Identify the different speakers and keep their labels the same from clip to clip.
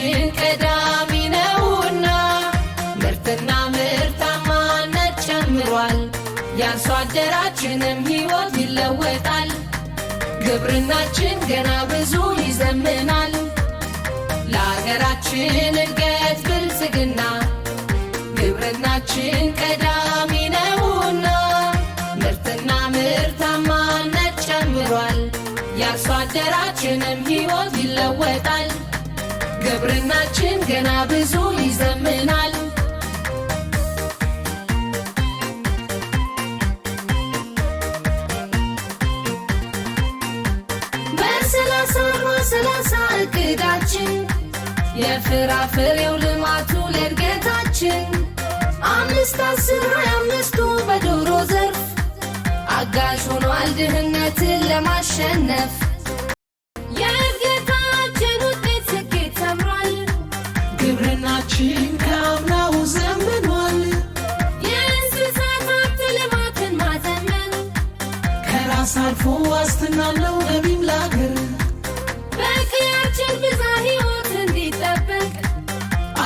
Speaker 1: ሀገራችን ቀዳሚ ነውና ምርትና ምርታማነት ጨምሯል። የአርሶ አደራችንም ሕይወት ይለወጣል። ግብርናችን ገና ብዙ ይዘምናል። ለሀገራችን እድገት ብልጽግና ግብርናችን ቀዳሚ ነውና ምርትና ምርታማነት ጨምሯል። የአርሶ አደራችንም ሕይወት ይለወጣል። ግብርናችን ገና ብዙ ይዘምናል። የፍራፍሬው ልማቱ ለእድገታችን አምስት አስር ሃያ አምስቱ በዶሮ ዘርፍ አጋዥ ሆኗል ድህነትን ለማሸነፍ አሳልፎ ዋስትና ነው ለቢም ላገር
Speaker 2: በቅያችን ብዛ ሕይወት እንዲጠበቅ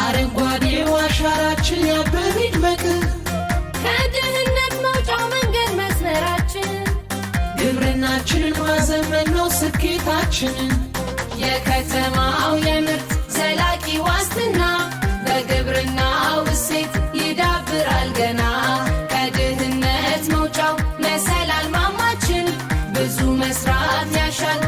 Speaker 1: አረንጓዴው አሻራችን ያብብ ይድመቅ
Speaker 2: ከድህነት መውጫው መንገድ መስመራችን
Speaker 1: ግብርናችንን ማዘመን ነው ስኬታችንን የከተማው Podcast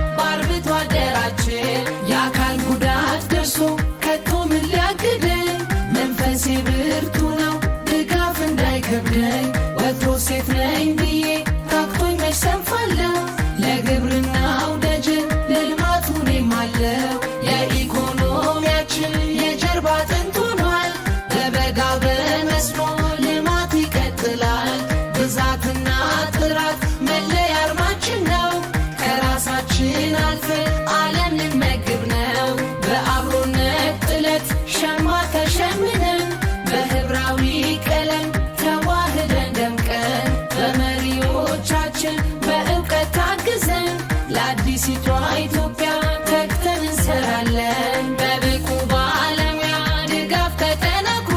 Speaker 1: አዲሲቷ ኢትዮጵያ ተግተን እንሰራለን። በብቁ ባለሙያ ድጋፍ ተጠናክሮ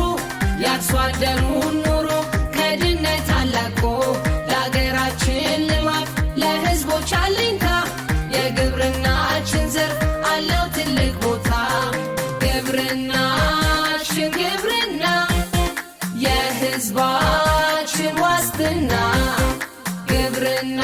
Speaker 1: የአርሶ አደሩን ኑሮ ከድነት አላቆ ለሀገራችን ልማት ለህዝቦች አለኝታ የግብርናችን ዘርፍ አለው ትልቅ ቦታ። ግብርናችን ግብርና የህዝባችን ዋስትና ግብርና